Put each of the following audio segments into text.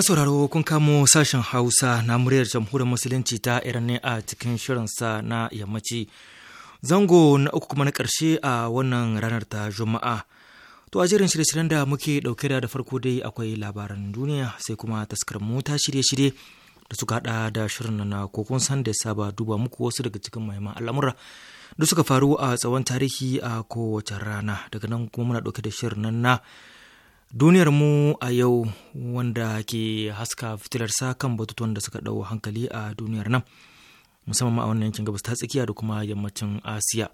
masu sauraro kun kamo sashen Hausa na muryar jamhuriyar Musulunci ta Iran ne a cikin shirinsa na yammaci. Zango na uku kuma na ƙarshe a wannan ranar ta Juma'a. To a jerin shirye-shiryen da muke ɗauke da farko dai akwai labaran duniya sai kuma taskar mu ta shirye-shirye da suka haɗa da shirin na kokon san da saba duba muku wasu daga cikin mahimman al'amura da suka faru a tsawon tarihi a kowace rana daga nan kuma muna ɗauke da shirin nan na Duniyar mu a yau wanda ke haska fitilarsa kan batutuwan da suka ɗau hankali a duniyar nan musamman a wannan yankin gabas ta tsakiya da kuma yammacin Asiya.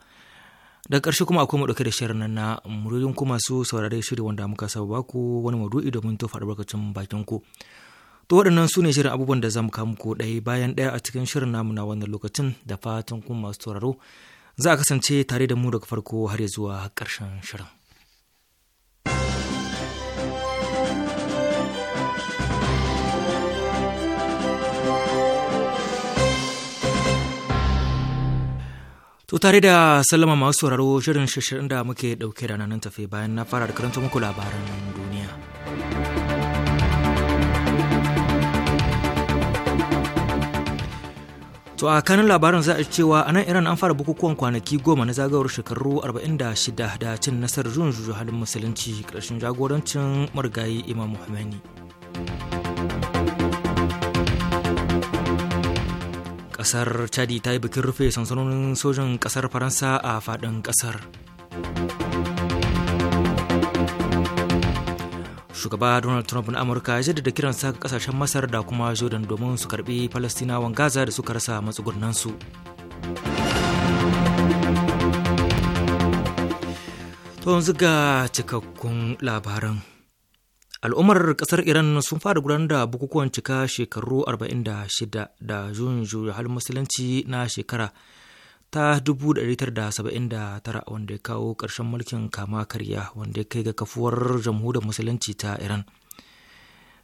Daga ƙarshe kuma akwai mu ɗauke da shirin nan na muryoyin kuma masu saurare shiri wanda muka saba baku wani maudu'i domin tofa barkacin bakin ku. To waɗannan su ne shirin abubuwan da za mu kawo muku ɗaya bayan ɗaya a cikin shirin namu na wannan lokacin da fatan kuma masu sauraro za a kasance tare da mu daga farko har zuwa ƙarshen shirin. To tare da sallama masu sauraro shirin shirin da muke ɗauke da nan tafe bayan na fara da karanta muku labaran duniya. To a kanin labarin za a cewa a nan Iran an fara bukukuwan kwanaki goma na zagawar shekaru 46 da cin nasarar juyin halin musulunci ƙarshen jagorancin marigayi Imam Khomeini. kasar chadi ta yi bikin rufe sansanonin sojan kasar faransa a fadin kasar shugaba donald trump na amurka ya jaddada sa ga kasashen masar da kuma jordan domin su karbi falastinawan gaza da suka rasa matsugunansu to yanzu ga cikakkun labaran al'ummar kasar iran sun fara gudanar da bukukuwan cika shekaru 46 da juyin juya halin musulunci na shekara ta 1979 wanda ya kawo ƙarshen mulkin kama karya wanda ya kai ga kafuwar jamhuriyar musulunci ta iran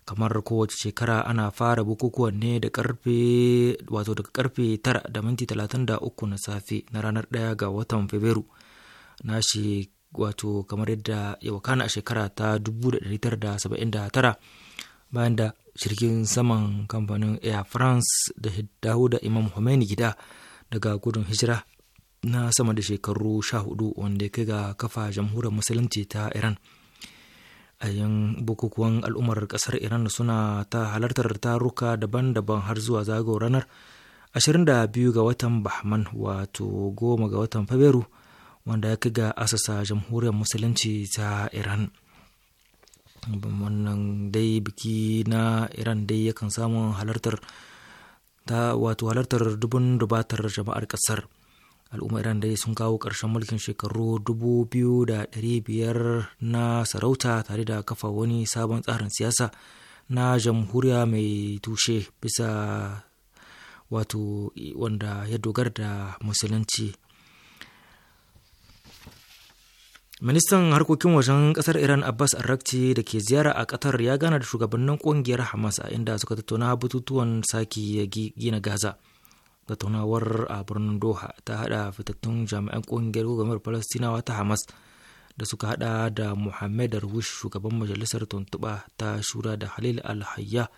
kamar kowace shekara ana fara bukukuwan ne da karfe wato daga karfe 9 da minti 33 na safe na ranar 1 ga watan fabrairu na shekara wato kamar yadda ya wakana a shekara ta 1979 bayan da jirgin saman kamfanin air france da dawo imam Khomeini gida daga gudun hijira na sama da shekaru 14 wanda ya kai ga kafa jamhuriyar musulunci ta iran a yin bukukuwan al'ummar kasar iran suna ta halartar taruka daban-daban har zuwa zagawar ranar 22 ga watan bahman wato 10 ga watan fabrairu wanda ya kai ga asasa jamhuriyar musulunci ta iran wannan dai biki na iran dai yakan samu halartar ta wato halartar dubun dubatar jama'ar kasar al'umma iran dai sun kawo ƙarshen mulkin shekaru dubu da na sarauta tare da kafa wani sabon tsarin siyasa na jamhuriya mai tushe bisa wato wanda ya dogara da musulunci ministan harkokin wajen kasar iran abbas Arrakti da ke ziyara a qatar ya gana da shugabannin kungiyar hamas a inda suka tattauna batutuwan saki gina gaza tattaunawar a birnin doha ta hada fitattun jami'an kungiyar gwamnatin falastinawa ta hamas da suka hada da Muhammad Arwish shugaban majalisar tuntuɓa ta shura da Halil Alhayya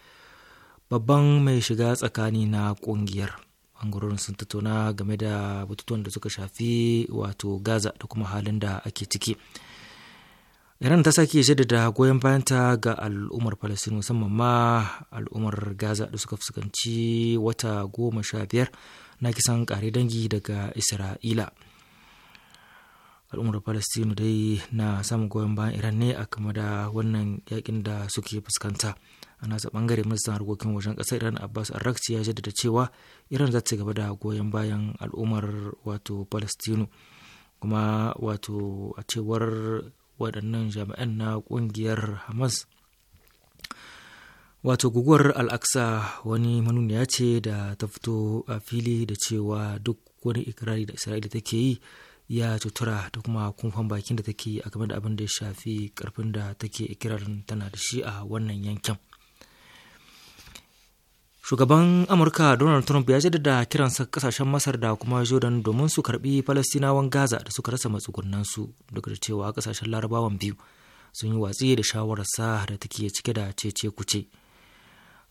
babban mai shiga tsakani na ƙungiyar. bangarorin sun tattauna game da batutuwan da suka shafi wato gaza da kuma halin da ake ciki iran ta sake da goyon bayanta ga al'ummar palestine musamman ma al'ummar gaza da suka fuskanci wata goma sha biyar na kisan kare dangi daga isra'ila al'ummar palestine dai na samun goyon bayan iran ne a kama da wannan yakin da suke fuskanta a nasa bangare ministan harkokin wajen kasar iran abbas arrakci ya jaddada cewa iran za ta gaba da goyon bayan al'ummar wato palestino kuma wato a cewar waɗannan jami'an na ƙungiyar hamas wato guguwar al'aksa wani manuniya ce da ta fito a fili da cewa duk wani ikirari da isra'ila take yi ya cutura da kuma kumfan bakin da take yi a game da abin da ya shafi karfin da take ikirarin tana da shi a wannan yankin shugaban amurka donald trump ya jaddada kiransa kasashen masar da kuma jordan domin su karbi falastinawan gaza da suka rasa matsugunansu duk da cewa kasashen larabawan biyu sun yi watsi da shawarar sa da take cike da cece kuce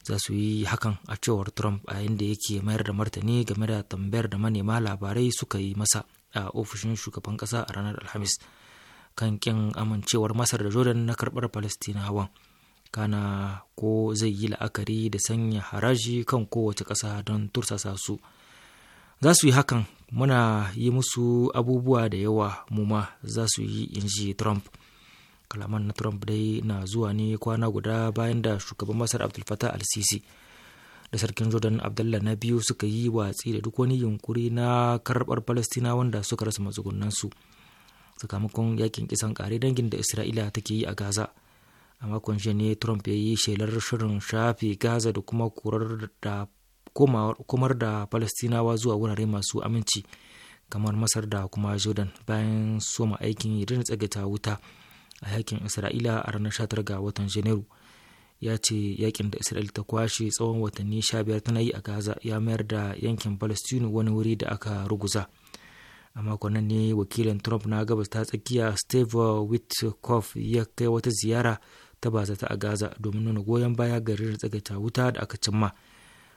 za su yi hakan a cewar trump a inda yake mayar da martani game da tambayar da manema labarai suka yi masa a ofishin shugaban kasa a ranar alhamis kan kin amincewar masar da jordan na karbar falastinawan kana ko zai yi la'akari da sanya haraji kan kowace ƙasa don tursasa su za su yi hakan muna yi musu abubuwa da yawa mu ma za su yi inji trump kalaman na trump dai na zuwa ne kwana guda bayan da shugaban masar abdul fatah al-sisi da sarkin jordan abdullah na biyu suka yi watsi da duk wani yunkuri na karbar palestina wanda suka rasa matsugunansu sakamakon yakin kisan kare dangin da isra'ila take yi a gaza a makon jiya ne trump ya yi shelar shirin shafi gaza da kuma kurar da komar da palestinawa zuwa wurare masu aminci kamar masar da kuma jordan bayan soma aikin yarda tsagaita wuta a yakin isra'ila a ranar 19 ga watan janairu ya ce yakin da israila ta kwashe tsawon watanni 15 tana yi a gaza ya mayar da yankin palestine wani wuri da aka ruguza a makon ne wakilin trump na gabas ta tsakiya steve witkoff ya kai wata ziyara ta bazata a gaza domin nuna goyon baya ga da tsagaita wuta da aka cimma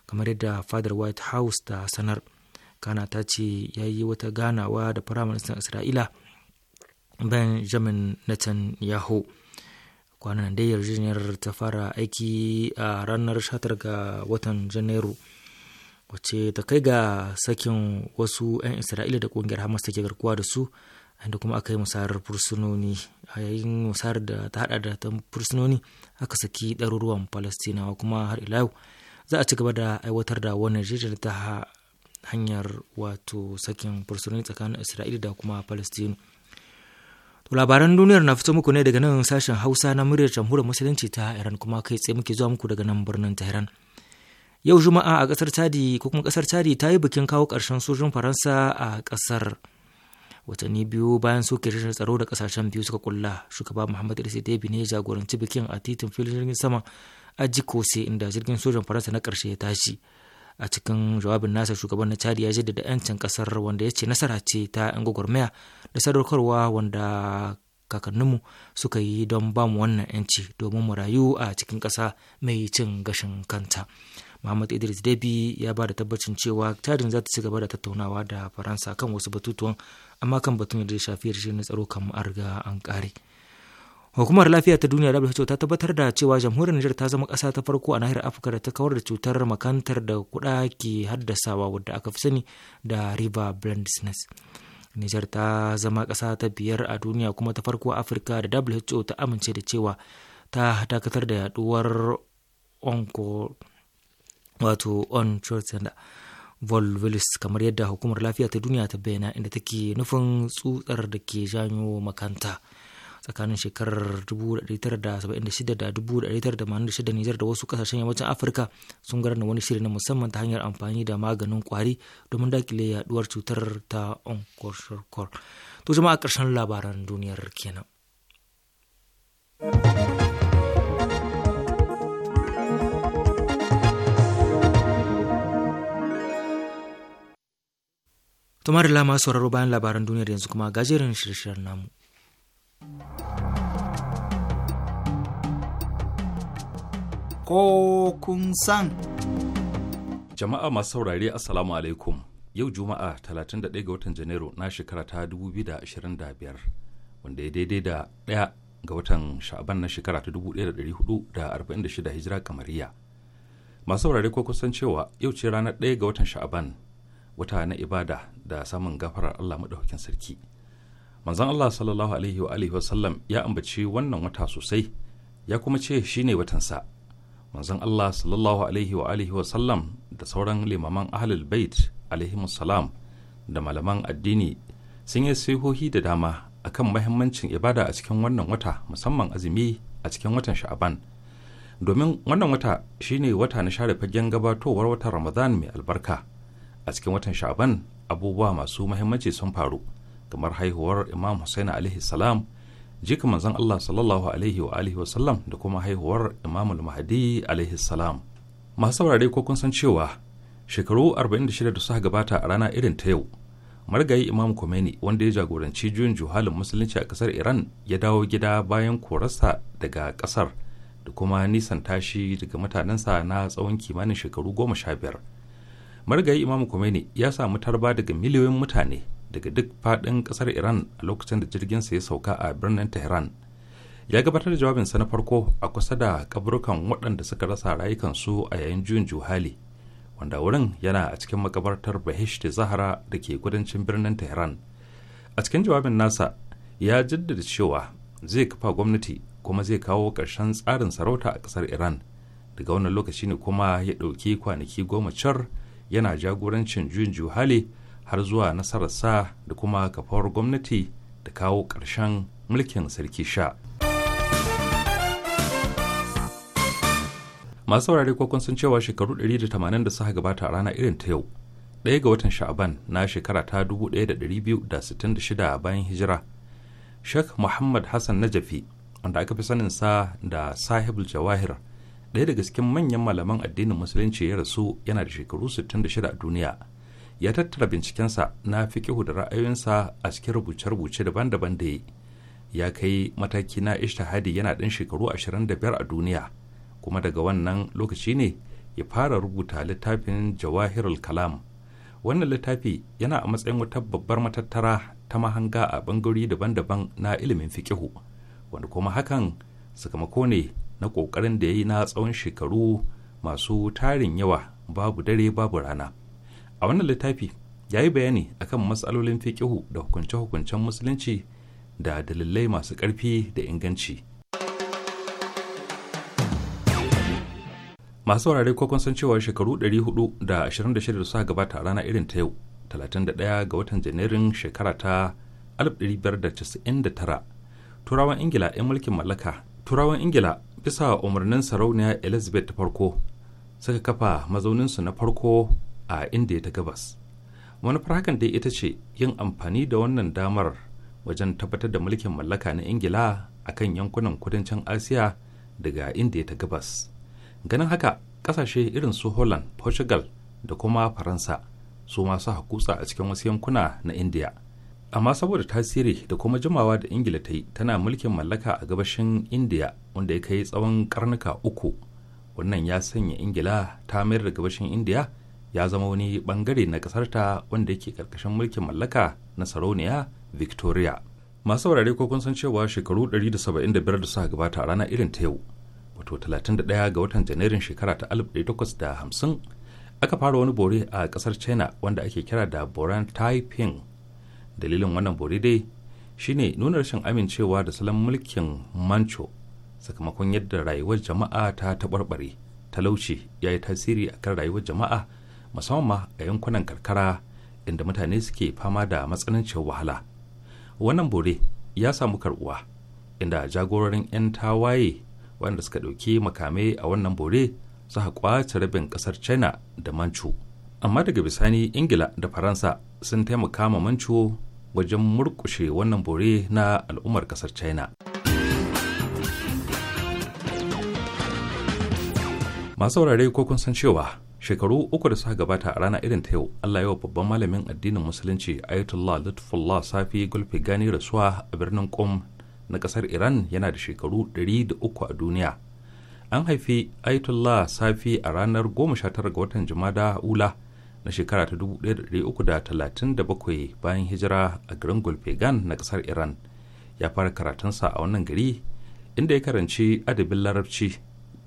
kamar yadda fadar white house ta sanar kana ta ce ya yi wata ganawa da firaministan isra'ila benjamin netanyahu kwanan da yarjejeniyar ta fara aiki a ranar 19 ga watan janairu wacce ta kai ga sakin wasu 'yan isra'ila da ƙungiyar hamas take garkuwa da su da kuma aka yi musarar fursunoni a yayin musayar da ta hada da ta fursunoni aka saki ɗaruruwan falastinawa kuma har ila za a ci gaba da aiwatar da wannan jirgin ta hanyar wato sakin fursunoni tsakanin isra'ila da kuma palestina. to labaran duniyar na fito muku ne daga nan sashen hausa na muryar jamhuriyar musulunci ta iran kuma kai tsaye muke zuwa muku daga nan birnin tehran yau juma'a a kasar tadi ko kuma kasar tadi ta yi bikin kawo ƙarshen sojin faransa a kasar watanni biyu bayan soke rashin tsaro da kasashen biyu suka kulla shugaba muhammad idris debi ne ya jagoranci bikin a titin filin jirgin sama a jikose inda jirgin sojan faransa na karshe ya tashi a cikin jawabin nasa shugaban na chadi ya jaddada 'yancin kasar wanda ya ce nasara ce ta 'yan gwagwarmaya da sadaukarwa wanda kakanninmu suka yi don ba mu wannan 'yanci domin mu rayu a cikin kasa mai cin gashin kanta muhammad idris debi ya ba da tabbacin cewa chadin za ta ci gaba da tattaunawa da faransa kan wasu batutuwan amma kan batun da shafi shafi na tsaro kan an riga an kare hukumar lafiya ta duniya who ta tabbatar da cewa jamhuriyar nijar ta zama ƙasa ta farko a nahiyar afirka da ta kawar da cutar makantar da kuɗa ke haddasawa wadda aka fi sani da river blindness nijar ta zama ƙasa ta biyar a duniya kuma ta farko a afirka da who ta amince da cewa ta dakatar da yaduwar onko wato on volvulus kamar yadda hukumar lafiya ta duniya ta bayyana inda take nufin tsutsar da ke janyo makanta tsakanin shekarar 1976 da 1986 Nijar da wasu kasashen yammacin Afirka sun na wani shiri na musamman ta hanyar amfani da maganin kwari domin dakile yaduwar cutar ta onkoshorkor. To jama'a ƙarshen labaran duniyar kenan. Tumar lama sauraro bayan labaran duniyar yanzu kuma gajeren shirshiyar namu. Ko kun san. Jama'a masu saurare Assalamu alaikum. Yau Juma'a 31 ga watan Janairu na shekara ta 2025 wanda ya daidai da ɗaya ga watan sha'aban na shekara ta 1446 hijira kamariya. Masu saurare ko kusan cewa yau ce ranar 1 ga watan sha'aban wata na ibada da samun gafarar Allah maɗaukakin sarki manzon Allah sallallahu alaihi wa alihi wasallam ya ambaci wannan wata sosai ya kuma ce shine watansa manzon Allah sallallahu alaihi wa alihi wasallam da sauran limaman ahlul bait alaihi salam da malaman addini sun yi sihohi da dama akan mahimmancin ibada a cikin wannan wata musamman azumi a cikin watan sha'aban domin wannan wata shine wata na share fagen gabatowar watan ramadan mai albarka a cikin watan shaban abubuwa masu mahimmanci sun faru kamar haihuwar imam husaini alaihi salam jika manzon allah sallallahu alaihi wa alihi wasallam da kuma haihuwar imam mahdi alaihi salam masu saurare ko kun san cewa shekaru 46 da suka gabata a rana irin ta yau marigayi imam Khomeini wanda ya jagoranci juyin juhalin musulunci a kasar iran ya dawo gida bayan korarsa daga kasar da kuma nisan tashi daga mutanensa na tsawon kimanin shekaru goma sha biyar margayi imam Khomeini ya samu tarba daga miliyoyin mutane daga duk faɗin ƙasar iran a lokacin da jirgin sa ya sauka a birnin tehran ya gabatar da jawabinsa na farko a kusa da kaburukan waɗanda suka rasa rayukansu a yayin juyin juhali wanda wurin yana a cikin makabartar bahish da zahara da ke kudancin birnin tehran a cikin jawabin nasa ya jaddada cewa zai kafa gwamnati kuma zai kawo ƙarshen tsarin sarauta a ƙasar iran daga wannan lokaci ne kuma ya ɗauki kwanaki goma car yana jagorancin juyin hali har zuwa nasararsa da kuma kafawar gwamnati da kawo ƙarshen mulkin sarki sha masu saurare kokon sun cewa shekaru 180 da suka gabata a rana irin ta yau ɗaya ga watan sha'aban na shekara ta 1266 bayan hijira sheikh muhammad hassan najafi wanda aka fi sanin sa da sahibul jawahir ɗaya daga cikin manyan malaman addinin musulunci ya rasu yana da shekaru 66 a duniya ya tattara bincikensa na fikihu da ra'ayoyinsa a cikin rubuce-rubuce daban-daban da ya ya kai mataki na ishtihadi yana ɗan shekaru 25 a duniya kuma daga wannan lokaci ne ya fara rubuta littafin jawahirul kalam wannan littafi yana a matsayin wata babbar matattara ta mahanga a bangarori daban-daban na ilimin fikihu wanda kuma hakan sakamako ne na ƙoƙarin da ya yi na tsawon shekaru masu tarin yawa babu dare babu rana a wannan littafi ya yi bayani akan matsalolin fiƙihu da hukunce-hukuncen musulunci da dalilai masu ƙarfi da inganci masu wurare ko kun san cewa shekaru 426 da suka gabata a rana irin ta yau 31 ga watan janairun shekara ta 1599 turawan ingila 'yan mulkin mallaka turawan ingila bisa umarnin sarauniya elizabeth ta farko suka kafa mazauninsu na farko a indiya ta gabas manufar hakan dai ita ce yin amfani da wannan damar wajen tabbatar da mulkin mallaka na ingila a kan yankunan kudancin asiya daga indiya ta gabas ganin haka kasashe irin su holland portugal da kuma faransa su masu hakutsa a cikin wasu yankuna na india. amma saboda tasiri da kuma jimawa da ingila ta yi tana mulkin mallaka a gabashin indiya wanda ya kai tsawon karnuka uku wannan ya sanya ingila ta mayar da gabashin indiya ya zama wani bangare na kasarta wanda yake karkashin mulkin mallaka na sarauniya victoria masu wurare ko kun san cewa shekaru 175 da suka gabata a rana irin ta yau wato 31 ga watan janairun shekara ta 1850 aka fara wani bore a kasar china wanda ake kira da boran taiping dalilin wannan bore dai shine nuna rashin amincewa da salon mulkin mancho sakamakon yadda rayuwar jama'a ta taɓarɓare talauci ya yi tasiri akan rayuwar jama'a musamman ma a yankunan karkara inda mutane suke fama da matsanancin wahala wannan bore ya samu karɓuwa inda jagororin 'yan tawaye wanda suka ɗauki makamai a wannan bore suka kwace rabin ƙasar china da manchu amma daga bisani ingila da faransa sun taimaka ma manco. wajen murkushe wannan bore na al'ummar kasar china masu wurare ko kun san cewa shekaru uku da suka gabata a rana irin ta yau allah yawa babban malamin addinin musulunci ayatollah lutfullah safi gulfi gani rasuwa a birnin qom na kasar iran yana da shekaru 300 a duniya an haifi ayatollah safi a ranar 19 ga watan da ula na shekara ta 1337 bayan hijira a garin gan na kasar iran ya fara karatunsa a wannan gari inda ya karanci adabin larabci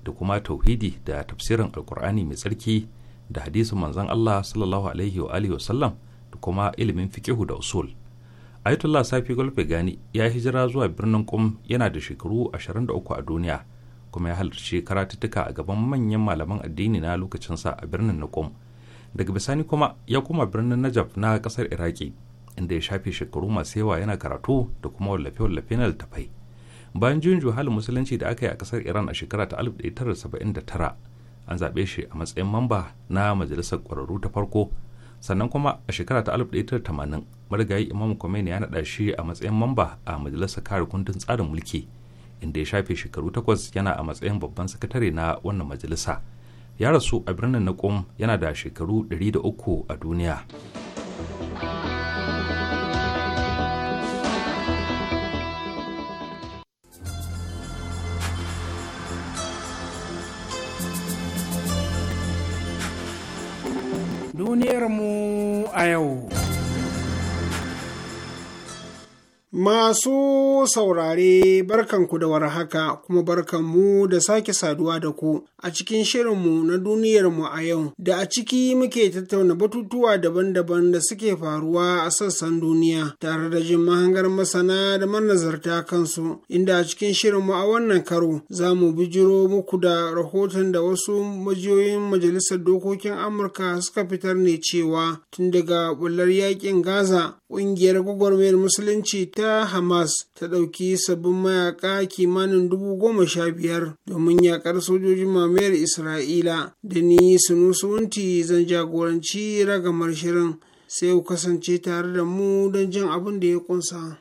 da kuma tauhidi da tafsirin alkur'ani mai tsarki da hadisin manzon allah sallallahu alaihi wa alihi da kuma ilimin fikihu da usul ayatollah safi gani ya hijira zuwa birnin kum yana da shekaru 23 a duniya kuma ya halarci karatuttuka a gaban manyan malaman addini na lokacinsa a birnin na kum daga bisani kuma ya koma birnin najaf na kasar iraki inda ya shafe shekaru masu yawa yana karatu da kuma wallafe-wallafe na littafai bayan juyin juhalin musulunci da aka yi a kasar iran a shekara ta 1979 an zaɓe shi a matsayin mamba na majalisar ƙwararru ta farko sannan kuma a shekara ta 1980 marigayi imam khomeini ya naɗa shi a matsayin mamba a majalisar kare kundin tsarin mulki inda ya shafe shekaru takwas yana a matsayin babban sakatare na wannan majalisa ya rasu a birnin na yana da shekaru 103 a duniya. duniyarmu a yau. Masu saurare barkanku da warhaka kuma barkanmu da sake saduwa da ku a cikin shirinmu na duniyar mu a yau da a ciki muke tattauna batutuwa daban-daban da suke faruwa a sassan duniya tare da jin mahangar masana da manazarta kansu inda a cikin shirinmu a wannan karo za mu bijiro muku da rahoton da wasu majiyoyin majalisar dokokin amurka suka fitar ne cewa tun daga bullar yakin gaza ƙungiyar gwagwarmayar musulunci ta hamas ta ɗauki sabbin mayaƙa kimanin dubu goma sha biyar domin yaƙar sojojin mamayar isra'ila da ni sunusunti zan jagoranci ragamar shirin sai ku kasance tare da mu don jin abin da ya ƙunsa.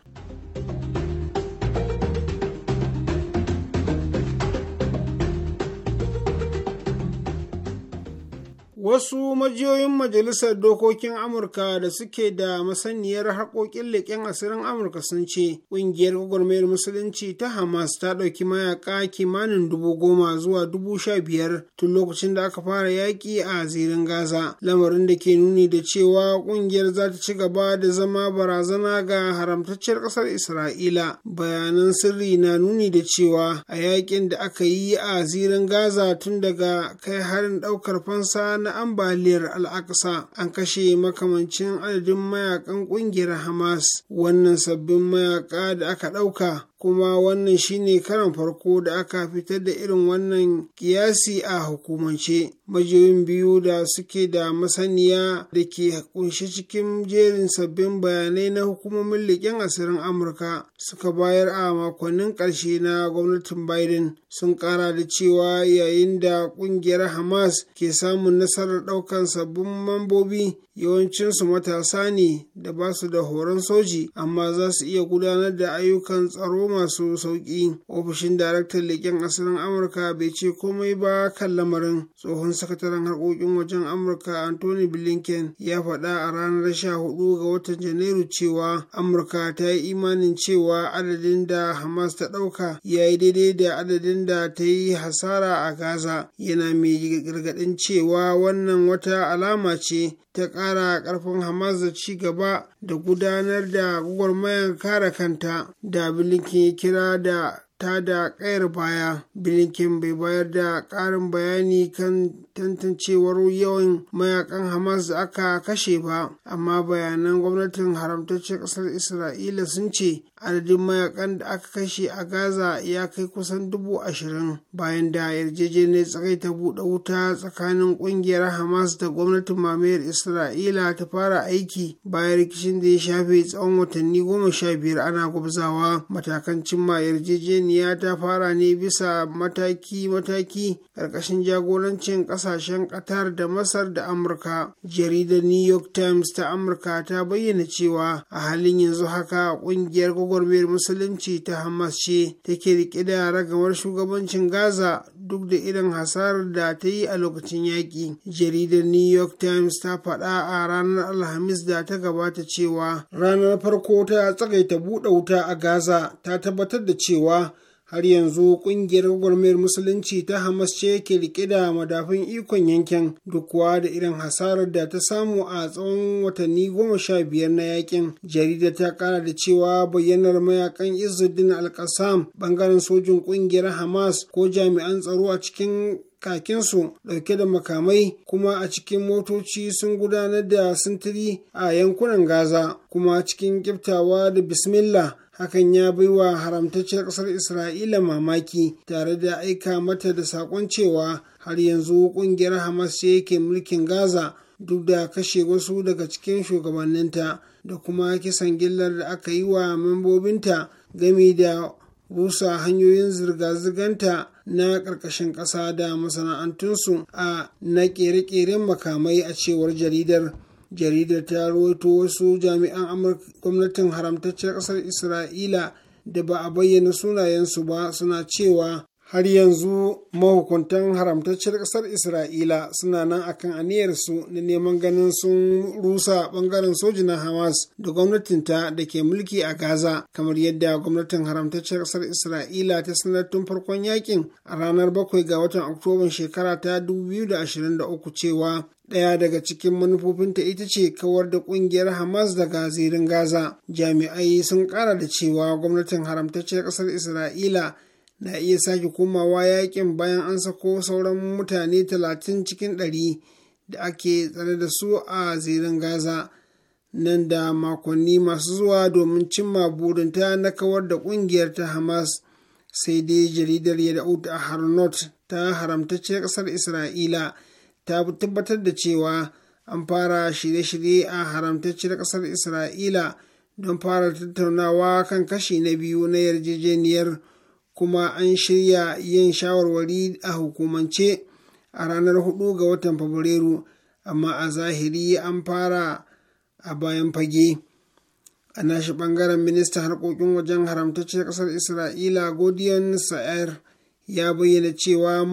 Wasu majiyoyin Majalisar Dokokin Amurka da suke da masaniyar harkokin leƙen asirin Amurka sun ce ƙungiyar gwagwarmayar Musulunci ta Hamas ta ɗauki mayaƙa kimanin dubu goma zuwa dubu sha biyar tun lokacin da aka fara yaƙi a zirin Gaza, lamarin da ke nuni da cewa ƙungiyar za ta ci gaba da zama barazana ga haramtacciyar ƙasar Isra'ila. Bayanan sirri na nuni da cewa a yaƙin da aka yi a zirin Gaza tun daga kai harin ɗaukar fansa na na ambaliyar al'aqsa an kashe makamancin adadin mayakan ƙungiyar hamas wannan sabbin mayaka da aka ɗauka kuma wannan shine karan farko da aka fitar da irin wannan kiyasi a hukumance majiyoyin biyu da suke da masaniya da ke kunshi cikin jerin sabbin bayanai na hukumomin leƙen asirin amurka suka bayar a makonnin ƙarshe na gwamnatin biden sun ƙara da cewa yayin da ƙungiyar hamas ke samun nasarar ɗaukan sabbin mambobi yawancinsu matasa ne da ba su da horon soji amma za su iya gudanar da ayyukan tsaro masu sauƙi ofishin daraktan leƙen asirin amurka bai ce komai ba kan lamarin tsohon sakataren harkokin wajen amurka anthony blinken ya faɗa a ranar 14 ga watan janairu cewa amurka ta yi imanin cewa adadin da hamas ta ɗauka ya yi daidai da adadin da ta yi hasara a gaza yana mai gargaɗin cewa wannan wata alama ce ta ƙara ƙarfin hamas da ci gaba da gudanar da gwagwarmayar kare kanta da blinken ke kira da ta da kayar baya bilinkin bai bayar da ƙarin bayani kan tantancewar yawan mayakan Hamas da aka kashe ba, amma bayanan gwamnatin haramtaccen kasar Isra'ila sun ce adadin mayakan da aka kashe a Gaza ya kai kusan dubu ashirin bayan da yarjejeniyar tsakai ta buɗe wuta tsakanin ƙungiyar Hamas da gwamnatin mamayar Isra'ila ta fara aiki bayan rikicin da ya shafe tsawon watanni goma sha biyar ana gwabzawa matakan cimma yarjejeniya ta fara ne bisa mataki-mataki ƙarƙashin jagorancin ƙasa kasashen Qatar da Masar da Amurka. Jaridar New York Times ta Amurka ta bayyana cewa a halin yanzu haka kungiyar gwagwarmayar musulunci ta Hamas ce take rike da ragamar shugabancin Gaza duk da irin hasarar da ta yi a lokacin yaƙi. Jaridar New York Times ta faɗa a ranar Alhamis da ta gabata cewa ranar farko ta tsagaita buɗe wuta a Gaza ta tabbatar da cewa har yanzu kungiyar gwagwarmayar musulunci ta hamas ce ke rike da madafin ikon yankin duk kuwa da irin hasarar da ta samu a tsawon watanni goma sha biyar na yakin jarida ta kara da cewa bayyanar mayakan izzuddin alkasam bangaren sojin kungiyar hamas ko jami'an tsaro a cikin kakinsu ɗauke da makamai kuma a cikin motoci sun gudanar da sintiri a yankunan gaza kuma cikin kiftawa da bismillah hakan ya bai baiwa haramtacciyar ƙasar isra'ila mamaki tare da aika mata da saƙon cewa har yanzu ƙungiyar hamas ce yake mulkin gaza duk da kashe wasu daga cikin shugabanninta da kuma kisan gillar da aka yi wa membobinta gami da busa hanyoyin zirga-zirganta na ƙarƙashin ƙasa da masana'antunsu a na ƙere-ƙeren makamai a cewar jaridar jaridar ta rawaito wasu jami'an gwamnatin haramtaccen ƙasar isra'ila da ba a bayyana sunayensu ba suna cewa har yanzu mahukuntan haramtaccen ƙasar isra'ila suna nan akan aniyarsu na neman ganin sun rusa bangaren sojin na hamas da gwamnatin ta da ke mulki a gaza kamar yadda gwamnatin haramtaccen ƙasar isra'ila ta sanar tun farkon yakin a ranar bakwai ga watan oktoban shekara ta 2023 cewa Ɗaya daga cikin manufofinta ita ce kawar da ƙungiyar Hamas daga zirin Gaza. Jami'ai sun ƙara da cewa gwamnatin haramtacciyar ƙasar Isra'ila na iya sake komawa yakin bayan an sako sauran mutane talatin cikin ɗari da ake tsare da su a zirin Gaza. Nan da makonni masu zuwa domin cimma burinta na kawar da ƙungiyar ta Hamas. Sai dai jaridar Yadda'ut a Harnot ta haramtacciyar ƙasar Isra'ila. ta tabbatar da cewa an fara shirye-shirye a haramtacciyar ƙasar isra'ila don fara tattaunawa kan kashi na biyu na yarjejeniyar kuma an shirya yin shawarwari a hukumance a ranar 4 ga watan fabrairu amma a zahiri an fara a bayan fage a nashi ɓangaren ministan harkokin wajen haramtacce ƙasar isra'ila godiyan sa'ar ya bayyana cewa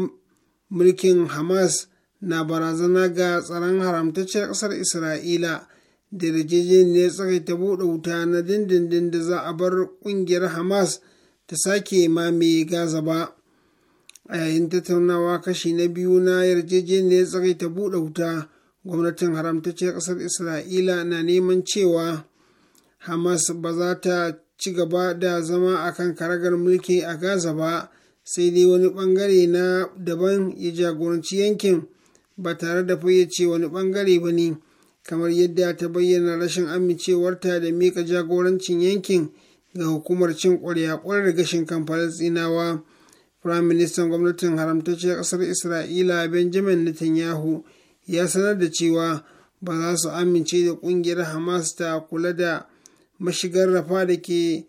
mulkin hamas na barazana ga tsaron haramtacciyar ƙasar isra'ila da yarjejeniyar ta buɗe wuta na dindindin da za a bar ƙungiyar hamas ta sake mamaye gaza ba a yayin tattaunawa kashi na biyu na yarjejeniyar ta buɗe wuta gwamnatin haramtacciyar ƙasar isra'ila na neman cewa hamas ba za ta ci gaba da zama a kan karagar mulki a gaza ba sai dai wani ɓangare na daban ya jagoranci yankin ba tare da fayyace wani bangare ba ne kamar yadda ta bayyana rashin amincewarta da mika jagorancin yankin ga hukumar cin ƙwarya-ƙwarar gashin kan falasɗinawa firaministan gwamnatin haramtacciyar ƙasar isra'ila benjamin netanyahu ya sanar da cewa ba za su amince da ƙungiyar hamas ta kula da mashigar rafa da ke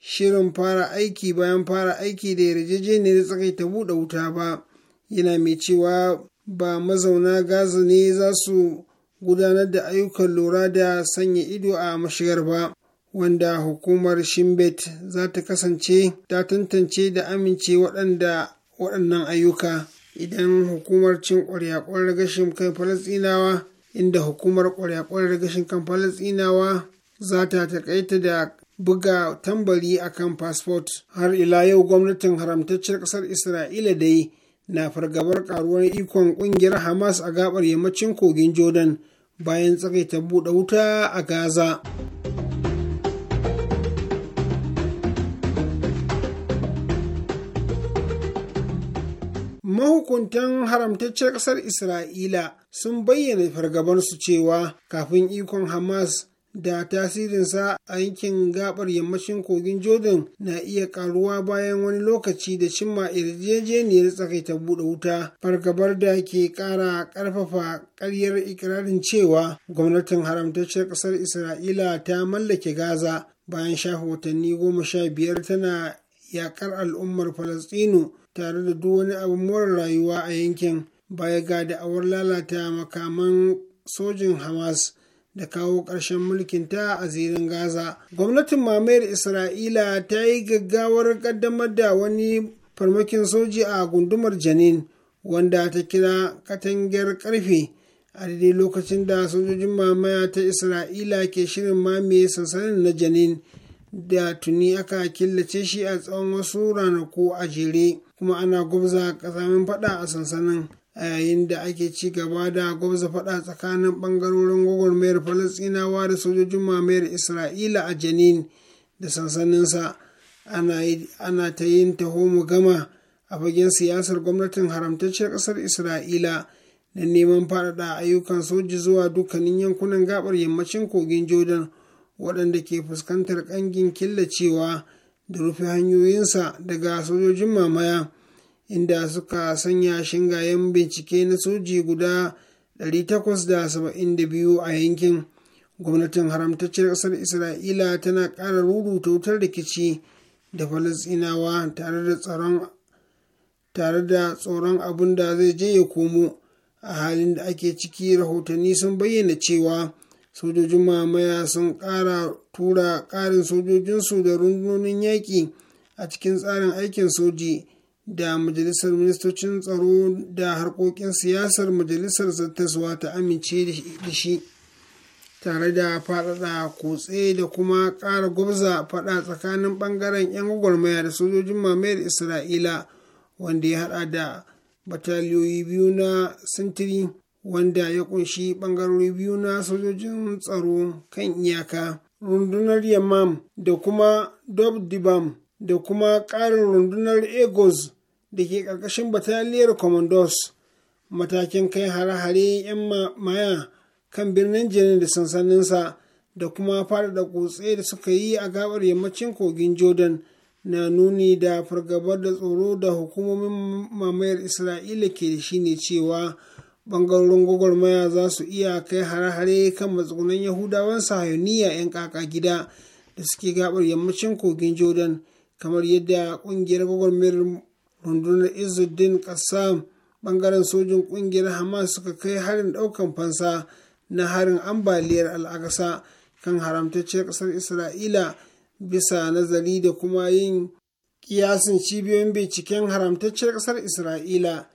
shirin fara aiki bayan fara aiki da yarjejeniyar tsakaita buɗe wuta ba yana mai cewa ba mazauna gaza ne za su gudanar da ayyukan lura da sanya ido a mashigar ba wanda hukumar shimbet za ta kasance ta tantance da amince waɗanda waɗannan ayyuka idan hukumar cin ƙwarya-ƙwarar gashin kan falasinawa inda hukumar ƙwarya-ƙwarar gashin kan falasinawa za ta taƙaita da buga tambari akan fasfot har ila yau gwamnatin haramtaccen ƙasar isra'ila dai na fargabar karuwar ikon kungiyar hamas a gabar yammacin kogin jordan bayan tsakaita buɗe wuta a gaza mahukuntan haramtaccen ƙasar isra'ila sun bayyana fargabarsu cewa kafin ikon hamas da tasirinsa a yankin gabar yammacin kogin jordan na iya karuwa bayan wani lokaci da cimma yarjejeniyar tsakaita buɗe wuta fargabar da ke ƙara ƙarfafa ƙaryar ikirarin cewa gwamnatin haramtacciyar ƙasar isra'ila ta mallake gaza bayan shafa watanni goma sha biyar tana yakar al'ummar falastinu tare da duk wani abin more rayuwa a yankin baya ga da'awar lalata makaman sojin hamas da kawo ƙarshen mulkinta a zirin Gaza. Gwamnatin mamayar Isra'ila ta yi gaggawar ƙaddamar da wani farmakin soji a gundumar Janin wanda ta kira katangar ƙarfe a daidai lokacin da sojojin mamaya ta Isra'ila ke shirin mamaye sansanin na Janin da tuni aka killace shi a tsawon wasu ranaku a jere kuma ana gwabza ƙasamin faɗa a sansanin. a yayin da ake ci gaba da gwamza faɗa tsakanin ɓangarorin gwagwarmayar falasɗinawa da sojojin mamayar isra'ila a janin da sansaninsa ana ta yin taho mu gama a fagen siyasar gwamnatin haramtacciyar ƙasar isra'ila da neman faɗaɗa ayyukan soji zuwa dukkanin yankunan gabar yammacin kogin jordan waɗanda ke fuskantar ƙangin killacewa da rufe hanyoyinsa daga sojojin mamaya. inda suka sanya shingayen bincike na soji guda 872 a yankin gwamnatin haramtaccen ƙasar isra'ila tana ƙara rubuta wutar rikici da falasinawa tare da tsoron abin da zai je ya komo a halin da ake ciki rahotanni sun bayyana cewa sojojin mamaya sun ƙara tura ƙarin sojojinsu da rundunonin yaƙi a cikin tsarin aikin soji da majalisar ministocin tsaro da harkokin siyasar majalisar zartaswa ta amince da shi tare da faɗaɗa kotse da kuma ƙara gwabza faɗa tsakanin ɓangaren 'yan gwagwarmaya da sojojin mamayar isra'ila wanda ya haɗa da bataliyoyi biyu na sintiri wanda ya ƙunshi ɓangarori biyu na sojojin tsaro kan iyaka rundunar yamam da kuma dobdibam da kuma ƙarin rundunar Egos da ke ƙarƙashin bataliyar Commandos. Matakin kai hare-hare 'yan maya kan birnin jirin da sansaninsa da kuma faɗaɗa kutse da suka yi a gabar yammacin kogin Jordan na nuni da fargabar da tsoro da hukumomin mamayar Isra'ila ke da shi ne cewa ɓangarorin gwagwarmaya za su iya kai hare-hare kan matsugunan Yahudawan sahayoniya 'yan kaka gida da suke gabar yammacin kogin Jordan. kamar yadda ƙungiyar gwagwarmayar rundunar Izudin kassam ɓangaren sojin ƙungiyar hamas suka kai harin ɗaukan fansa na harin ambaliyar al'akasa kan haramtacciyar ƙasar isra'ila bisa nazari da kuma yin kiyasin cibiyoyin binciken haramtacciyar ƙasar isra'ila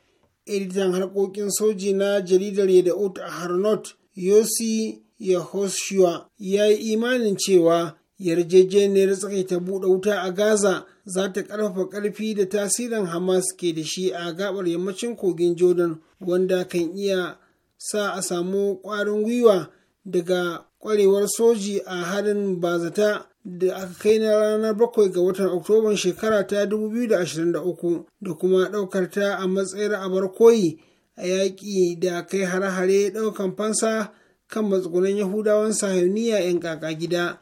editan harkokin soji na jaridar yadda'ut a harnot yosi yahoshua ya yi imanin cewa yarjejeniyar ta buɗe wuta a gaza za ta ƙarfafa ƙarfi da tasirin hamas ke da shi a gabar yammacin kogin jordan wanda kan iya sa a samu ƙwarin gwiwa daga ƙwarewar soji a harin bazata da aka kai na ranar bakwai ga watan oktoban shekara ta 2023 da kuma ɗaukar ta a matsayin abar koyi a yaƙi da kai hare-hare ɗaukan fansa kan matsugunan yahudawan sahuniya 'yan kaka gida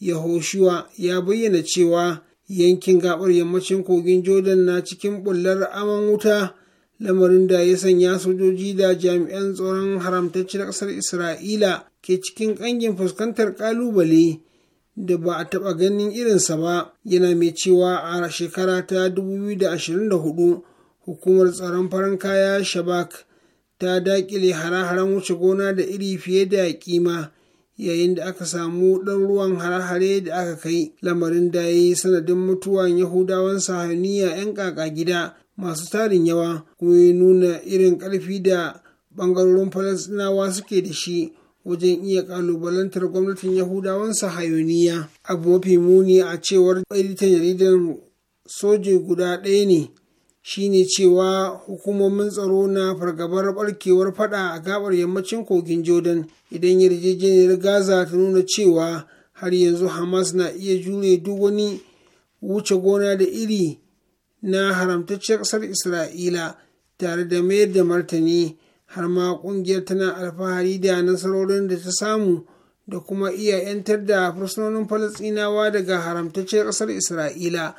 yahoshua ya bayyana cewa yankin gabar yammacin kogin Jordan na cikin bullar aman wuta lamarin da ya sanya sojoji da jami'an tsaron na ƙasar Isra'ila ke cikin ƙangin fuskantar ƙalubale da ba a taɓa ganin irinsa ba yana mai cewa a shekara ta 2024 hukumar tsaron farin kaya shabak ta daƙile hare-haren wuce gona da iri fiye da kima yayin da aka samu ruwan hare-hare da aka kai lamarin da ya yi sanadin mutuwan yahudawan sahaniya 'yan ƙaƙa gida masu tarin yawa kuma ya nuna irin ƙarfi da ɓangarorin falasɗinawa suke da shi wajen iya ƙalubalantar gwamnatin yahudawan sahayoniya abu mafi muni a cewar editan jaridar soji guda ɗaya ne shine cewa hukumomin tsaro na fargabar barkewar fada a gabar yammacin kogin jordan idan yarjejeniyar gaza ta nuna cewa har yanzu hamas na iya jure duk wani wuce gona da iri na haramtacciyar ƙasar isra'ila tare da mayar da martani har ma ƙungiyar tana alfahari da nasarorin da ta samu da kuma iya 'yantar da fursunonin falasɗinawa daga haramtacciyar ƙasar isra'ila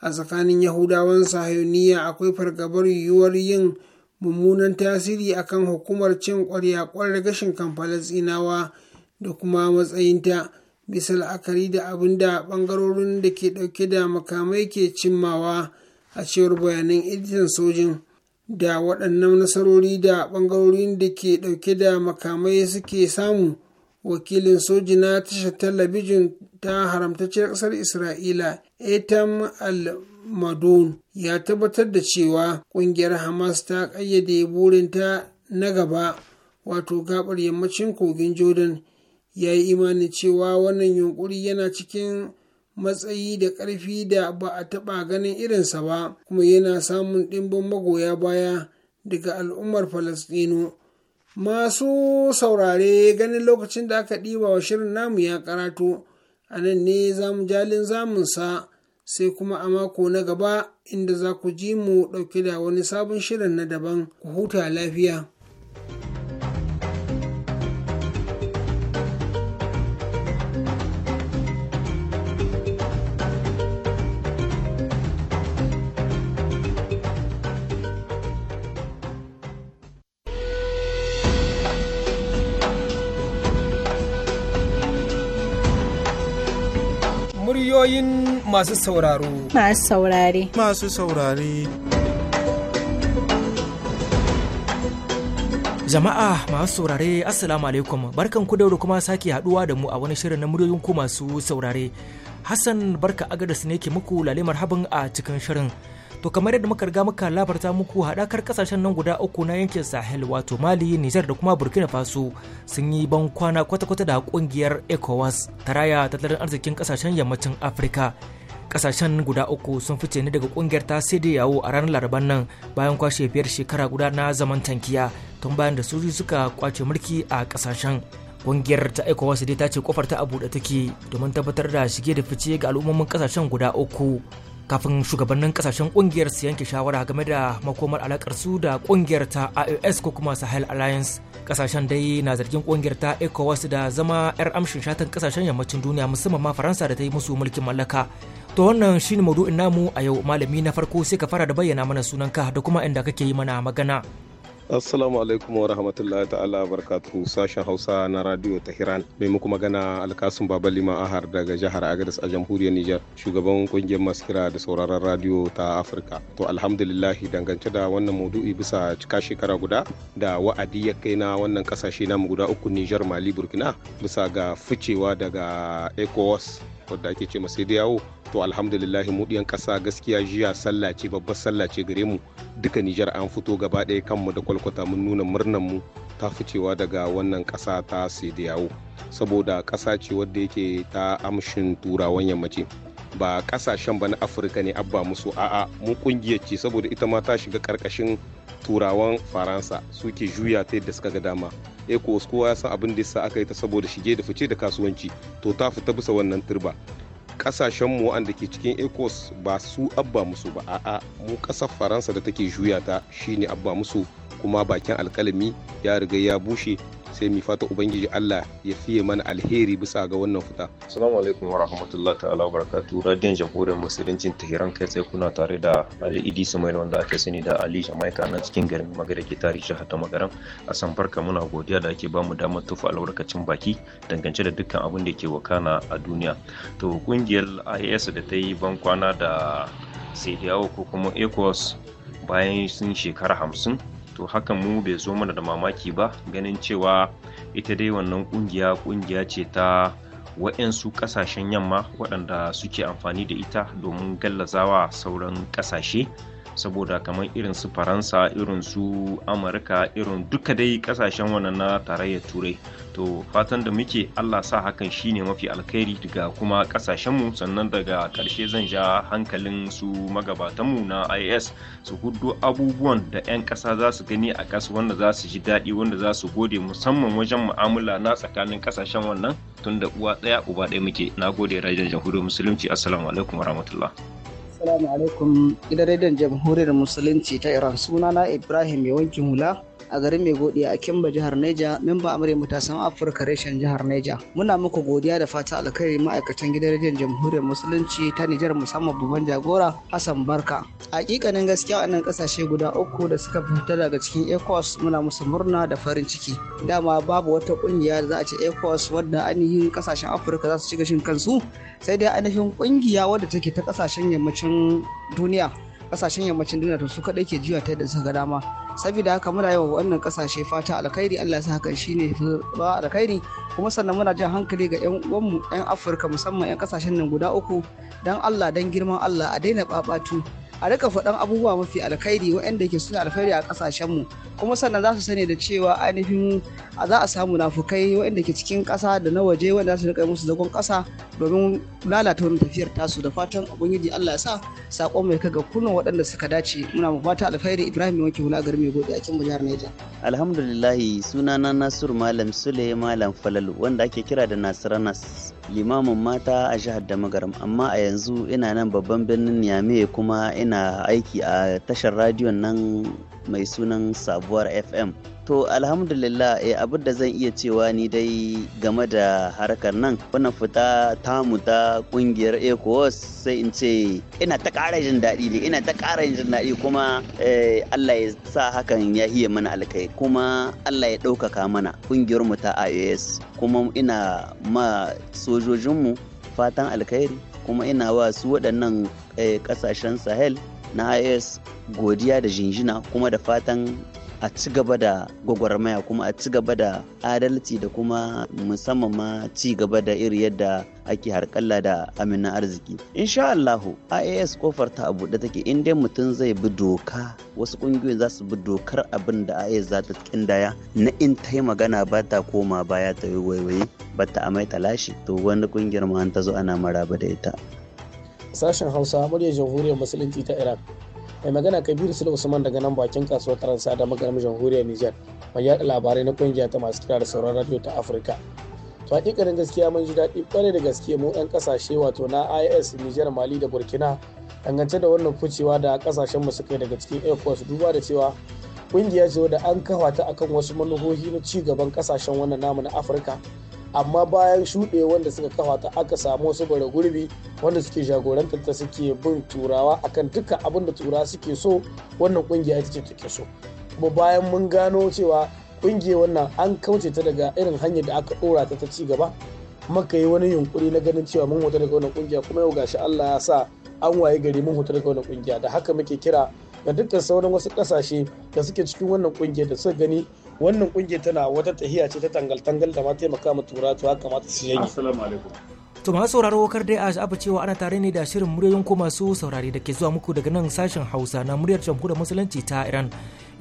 a tsakanin yahudawan sahiyoniya akwai fargabar yiwuwar yin mummunan tasiri akan hukumar cin ƙwarya-ƙwarar gashin kan falasinawa da kuma matsayinta bisa la'akari da abin da ɓangarorin da ke dauke da makamai ke cimmawa a cewar bayanan editan sojin da waɗannan nasarori da bangarorin da ke dauke da makamai suke samu wakilin soji na tashar talabijin ta haramtacciyar ƙasar isra'ila etam al-madun ya tabbatar da cewa ƙungiyar hamas ta ƙayyade burinta na gaba wato gabar yammacin kogin jordan ya yi imanin cewa wannan yunkuri yana cikin matsayi da ƙarfi da ba a taɓa ganin irinsa ba kuma yana samun ɗimbin magoya baya daga al'ummar falasɗinu Masu saurare ganin lokacin da aka ɗiba wa shirin namu ya karatu, a nan ne zamu jalin zamunsa sai kuma a mako na gaba inda za ku ji mu ɗauke da wani sabon shirin na daban ku huta lafiya. Muryoyin masu sauraro. Masu saurare. Masu saurare. Jama'a masu saurare Assalamu alaikum barkan ku dauro kuma sake haduwa da mu a wani shirin na muryoyin ku masu saurare. Hassan barka agadas ne ke muku lalimar habin a cikin shirin. To kamar yadda muka riga muka labarta muku haɗakar kasashen nan guda uku na yankin Sahel wato Mali, Nijar da kuma Burkina Faso sun yi ban kwana kwata-kwata da kungiyar ECOWAS ta raya tattalin arzikin kasashen yammacin Afirka. Kasashen guda uku sun fice ne daga kungiyar ta yawo a ranar Laraban nan bayan kwashe biyar shekara guda na zaman tankiya tun bayan da su suka kwace mulki a kasashen. kungiyar ta ecowas dai ta ce kofar ta a buɗe take domin tabbatar da shige da fice ga al'ummomin kasashen guda uku kafin shugabannin kasashen kungiyar su yanke shawara game da makomar alakar su da kungiyar ta IOS ko kuma Sahel Alliance kasashen dai na zargin kungiyar ta ECOWAS da zama yar amshin shatan kasashen yammacin duniya musamman ma Faransa da ta yi musu mulkin mallaka to wannan shine maudu'in namu a yau malami na farko sai ka fara da bayyana mana sunanka da kuma inda kake yi mana magana Assalamu alaikum wa rahmatullahi ta'ala barkatu sashen Hausa na Radio Tahiran. Mai muku magana Alkasun Baba Lima Ahar daga jihar Agadas a jamhuriyar Nijar, shugaban kungiyar masu kira da sauraron radio ta Afirka. To alhamdulillahi dangance da wannan maudu'i bisa cika shekara guda da wa'adi ya kai na wannan kasashe namu guda uku Nijar Mali Burkina bisa ga ficewa daga ECOWAS wadda ake ce sai da yawo to alhamdulillah mu ɗiyan ƙasa gaskiya jiya sallah ce babbar sallah ce gare mu duka Nijar an fito gaba ɗaya kanmu da kwalkwata mun nuna murnan mu ta ficewa daga wannan ƙasa ta sai da yawo saboda ƙasa ce wadda yake ta amshin turawan yammaci ba ƙasashen ba na afirka ne abba musu a'a mu ƙungiyar ce saboda ita ma ta shiga ƙarƙashin turawan faransa suke juya ta yadda suka ga dama ecos kowa ya san abin da yasa aka yi ta saboda shige da fice da kasuwanci to ta fita bisa wannan turba kasashen mu wanda ke cikin ecos ba su abba musu ba a'a mu kasar faransa da take juya ta shine abba musu kuma bakin alkalami ya riga ya bushe sai mi fata ubangiji Allah ya fiye mana alheri bisa ga wannan fita assalamu alaikum wa rahmatullahi ta'ala wa barakatu. radiyon jamhuriyar musuluncin tahiran kai sai kuna tare da Ali Idi Sumail wanda ake sani da Ali Jamaika na cikin garin Magare ke tarihi jihar ta Magaran a san barka muna godiya da ake bamu damar tufa albarkacin baki dangance da dukkan abin da ke wakana a duniya to kungiyar IAS da ta yi ban kwana da sai ko kuma ecos bayan sun shekara hamsin to hakan mu bai zo mana da mamaki ba ganin cewa ita dai wannan kungiya kungiya ce ta wa'yansu ƙasashen yamma waɗanda suke amfani da ita domin gallazawa sauran ƙasashe saboda kamar irin su faransa irin su amurka irin duka dai kasashen wannan na tarayyar turai to fatan da muke allah sa hakan shine mafi alkhairi daga kuma kasashenmu sannan daga karshe zan ja hankalin su magabatanmu na is su hudu abubuwan da 'yan kasa za su gani a kasu wanda za su ji daɗi wanda za su gode musamman wajen mu'amala na tsakanin kasashen wannan tunda uwa ɗaya uba ɗaya muke na gode rajin jamhuriyar musulunci assalamu alaikum warahmatullah Assalamu alaikum gidan rediyon jamhuriyar musulunci ta Iran sunana Ibrahim mai wankin hula a garin mai godiya a kimba jihar neja memba ta matasan afirka reshen jihar neja muna muku godiya da fata alkhairi ma'aikatan gidan rediyon jamhuriyar musulunci ta nijar musamman babban jagora hassan barka hakikanin gaskiya nan kasashe guda uku da suka fita daga cikin ECOWAS muna musu murna da farin ciki dama babu wata kungiya da za a ce ECOWAS wadda ainihin kasashen afirka za su ci gashin kansu sai dai ainihin kungiya wadda take ta kasashen yammacin duniya kasashen yammacin duniya to su kadai ke juya ta yadda suka ga dama saboda haka muna yawa wannan kasashe fata alkhairi Allah ya sa hakan shine ba alkhairi kuma sannan muna jin hankali ga yan uwanmu yan Afirka musamman yan kasashen nan guda uku dan Allah dan girman Allah a daina babatu a rika faɗan abubuwa mafi alkhairi waɗanda ke suna alkhairi a mu kuma sannan za su sani da cewa ainihin a za a samu nafukai waɗanda ke cikin ƙasa da na waje wanda za su rika musu zagon ƙasa domin lalata wani tafiyar tasu da fatan ubangiji Allah ya sa sakon mai kaga kullum waɗanda suka dace muna mu fata alkhairi Ibrahim wanke hula gari mai gode a cikin jihar Niger alhamdulillah sunana Nasiru Malam Sule Malam Falalu wanda ake kira da Nasiranas limamin mata a jihar Damagaram amma a yanzu ina nan babban birnin Niamey kuma ina aiki a tashar radiyon nan mai sunan sabuwar fm to alhamdulillah e, abin da zan iya cewa ni dai game da harkar nan wannan fita tamu ta kungiyar ecowas sai in ce ina ta ƙara jin daɗi ne ina ta ƙara jin daɗi kuma eh, allah ya sa hakan ya hiye mana alkai kuma allah ya ɗaukaka mana kungiyar ta ios kuma ina ma sojojinmu fatan alkhairi kuma ina wa su waɗannan eh, ƙasashen sahel na is godiya da jinjina kuma da fatan a ci gaba da gwagwarmaya kuma a ci gaba da adalci da kuma musamman ma ci gaba da iri yadda ake harkalla da amina arziki insha Allahu IAS kofar ta abu buɗe take in dai mutum zai bi doka wasu ƙungiyoyin za su bi dokar abin da IAS za ta kindaya na in ta yi magana ba ta koma baya ta yi waiwaye ba ta amai talashi to wani ƙungiyar ma an ta zo ana maraba da ita sashen hausa muryar jamhuriyar musulunci ta Iran. mai magana kabiru sule usman daga nan bakin kasuwar faransa da magaram jamhuriyar niger mai yada labarai na kungiya ta masu kira da sauran radio ta afirka to hakikarin gaskiya mun ji daɗi kwarai da gaske mu 'yan kasashe wato na is niger mali da burkina dangance da wannan ficewa da kasashen mu suka yi daga cikin air force duba da cewa kungiya ce da an kafa ta akan wasu manuhohi na ci gaban kasashen wannan namu na afirka amma bayan shuɗe wanda suka kafa ta aka samu wasu bara gurbi wanda suke jagorantar ta suke bin turawa akan duka abin da turawa suke so wannan kungiya ita ce take so kuma bayan mun gano cewa kungiyar wannan an kauce ta daga irin hanyar da aka ɗora ta ta ci gaba maka yi wani yunkuri na ganin cewa mun huta daga wannan kungiya kuma yau gashi Allah ya sa an waye gari mun huta daga wannan kungiya da haka muke kira ga dukkan sauran wasu kasashe da suke cikin wannan kungiyar da suka gani wannan kungiyar tana wata tahiya ce ta tangal-tangal da ma taimaka ma tura to haka mata su janye assalamu alaikum to masu sauraro kar dai a shafa cewa ana tare ne da shirin muryoyin ko masu saurari da ke zuwa muku daga nan sashen hausa na muryar jamhuriyar musulunci ta iran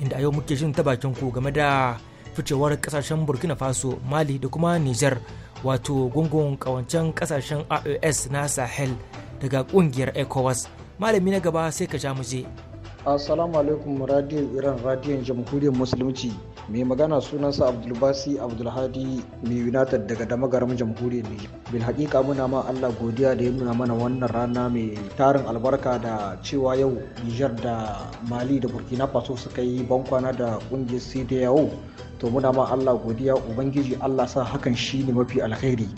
inda a yau muke jin ta bakin ku game da ficewar kasashen burkina faso mali da kuma niger wato gungun kawancen kasashen ios na sahel daga kungiyar ecowas malami na gaba sai ka ja mu je assalamu alaikum radio iran radiyon jamhuriyar musulunci mai magana sunansa abdulbasi abdulhadi mai united daga damagaram jamhuriyar ne bil hakika muna ma allah godiya da ya nuna mana wannan rana mai tarin albarka da cewa yau Niger da mali da burkina faso suka yi bankwana da kungiyar cdao to muna ma allah godiya ubangiji allah sa hakan shi ne mafi alkhairi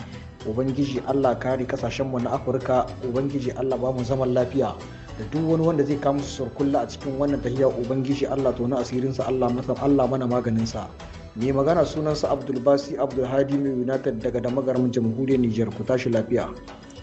ubangiji allah kare kasashenmu na afirka ubangiji allah ba mu zaman lafiya da duk wani wanda zai kama su sarkulla a cikin wannan tahiya ubangiji Allah to na asirinsa Allah masa Allah mana maganinsa mai magana sunansa abdul hadi mai United daga damagarin jamhuriyar niger ku tashi lafiya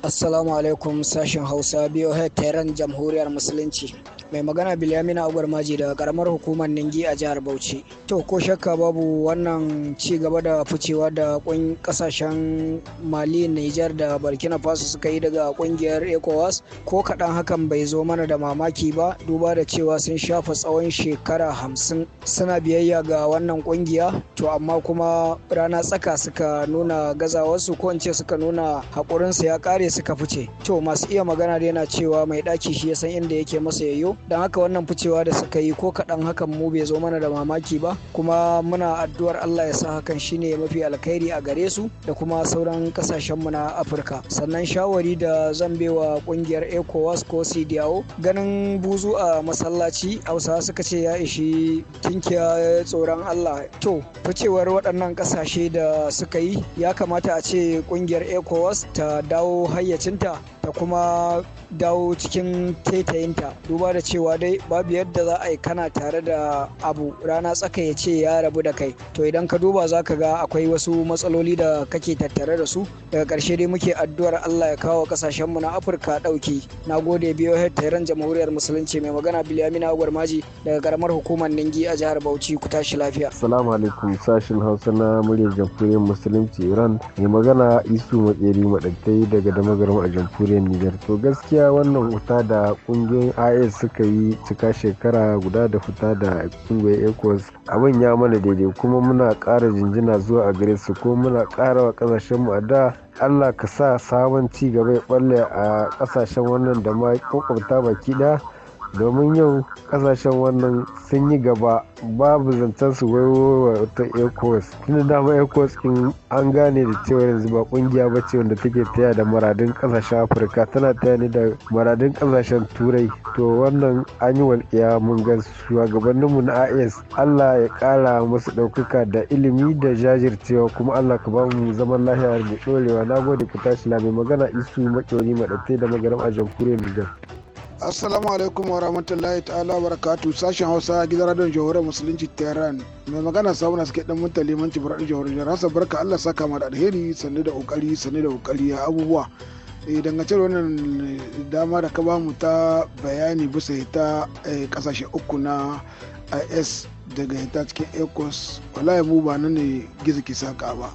assalamu alaikum sashen Hausa biyo Tehran jamhuriyar musulunci mai magana bilyamina agwar maji daga karamar hukumar ningi a jihar bauchi to ko shakka babu wannan ci gaba da ficewa da kasashen mali niger da burkina faso suka yi daga kungiyar ecowas ko kaɗan hakan bai zo mana da mamaki ba duba da cewa sun shafa tsawon shekara hamsin suna biyayya ga wannan kungiya to amma kuma rana tsaka suka nuna gazawarsu ko in ce suka nuna haƙurinsu ya ƙare suka fice to masu iya magana da yana cewa mai ɗaki shi ya san inda yake masa yayyo don haka wannan ficewa da suka yi ko kaɗan hakan mu bai zo mana da mamaki ba kuma muna addu'ar Allah ya sa hakan shine mafi alkhairi a gare su da kuma sauran ƙasashen mu na Afirka sannan shawari da zan baiwa kungiyar ECOWAS ko CDAO ganin buzu a masallaci hausa suka ce ya ishi tinkiya tsoron Allah to ficewar waɗannan kasashe da suka yi ya kamata a ce kungiyar ECOWAS ta dawo hayyacinta ta kuma dawo cikin taitayinta duba da cewa dai babu yadda za a yi kana tare da abu rana tsaka ya ce ya rabu da kai to idan ka duba za ka ga akwai wasu matsaloli da kake tattare da su daga karshe dai muke addu'ar Allah ya kawo ƙasashenmu na Afirka ɗauki na gode biyo taron jamhuriyar musulunci mai magana Bilyamina Gwarmaji daga karamar hukumar Ningi a jihar Bauchi ku tashi lafiya assalamu alaikum sashin Hausa na muryar jamhuriyar musulunci Iran mai magana Isu Matseri Madattai daga damagarmu a jamhuriyar Niger to gaskiya gaskiya wannan wuta da kungiyoyin is suka yi cika shekara guda da fita da kungiyoyin ecos abin ya mana daidai kuma muna ƙara jinjina zuwa a gare su kuma muna ƙara wa ƙasashen mu a da allah ka sa sabon ci gaba ya balle a ƙasashen wannan da ma kwakwabta baki ɗaya domin yau kasashen wannan sun yi gaba babu zancen su waiwowa wata ecos tunda dama ecos in an gane da cewa yanzu ba kungiya ba ce wanda take taya da maradin kasashen afirka tana taya ne da maradin kasashen turai to wannan an yi walƙiya mun ga shugabanninmu na as allah ya kara musu ɗaukaka da ilimi da jajircewa kuma allah ka ba mu zaman lahiya da ɗorewa na gode ku tashi na magana isu maƙyoni maɗatai da magaram a jamhuriyar nijar Assalamu alaikum wa rahmatullahi ta'ala wa sashen Hausa gidan radon jihohar musulunci Tehran. Mai magana samu na suke dan mutane manci faradin jihohar jihar Hassan barka Allah saka ma da alheri sannu da kokari sannu da kokari ya abubuwa. Eh dangance da wannan eh, dama da ka bamu ta bayani bisa ta kasashe eh, uku na IS daga ita cikin ECOS wallahi mu ba nan ne gizo ke saka ba.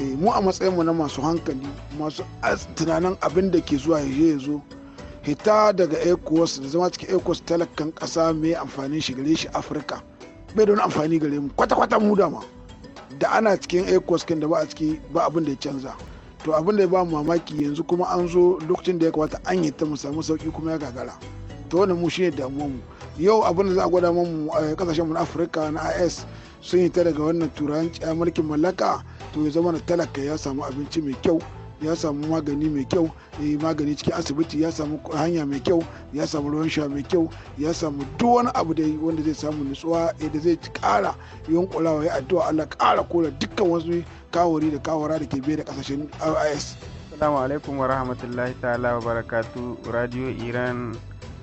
Eh, mu a matsayinmu na masu hankali masu tunanin abin da ke zuwa ya zo hita daga ecos da zama cikin ecos talakan kasa mai amfani shi gare shi afirka bai da wani amfani gare mu kwata-kwata mu dama da ana cikin ecos kan da ba a ciki ba abin da ya canza to abin da ya ba mamaki yanzu kuma an zo lokacin da ya kamata an yi ta mu samu sauki kuma ya gagara to wannan mu shine damuwar mu yau abin da za a gwada mu a kasashen mu na afirka na is sun yi ta daga wannan turanci mulkin mallaka to ya zama na talaka ya samu abinci mai kyau ya samu magani mai kyau eh, magani cikin asibiti ya samu hanya mai kyau ya samu ruwan sha mai kyau ya samu duk wani abu da wanda zai samu nutsuwa eh, da zai ƙara yunkulawa ya addu'a Allah ƙara kula dukkan wasu kawari da kawara da ke biye da kasashen RIS. Assalamu alaikum wa rahmatullahi ta'ala wa barakatu Radio Iran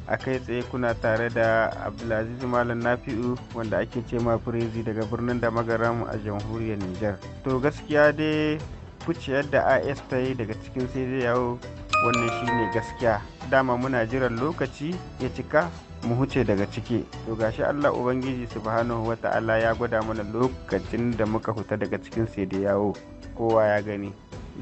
a kai tsaye kuna tare da abdulaziz malam nafi'u wanda ake ce ma firizi daga birnin da magaram a jamhuriyar nijar to gaskiya dai kuciyar da is ta yi daga cikin sai dai yawo wannan shine gaskiya dama muna jiran lokaci ya cika mu huce daga ciki to gashi Allah ubangiji subhanahu wata'ala ya gwada mana lokacin da muka huta daga cikin sai dai yawo kowa ya gani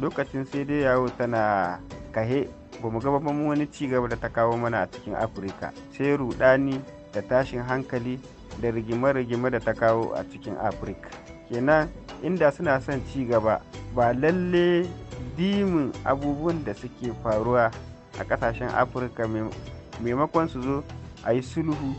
lokacin sai yawo tana kahe ba mu gaba mu wani ci gaba da ta kawo mana a cikin afirka sai rudani da tashin hankali da rigima-rigima da ta kawo a cikin afirka kenan inda suna son ci gaba ba lalle dimin abubuwan da suke faruwa a kasashen afirka maimakon su zo a yi sulhu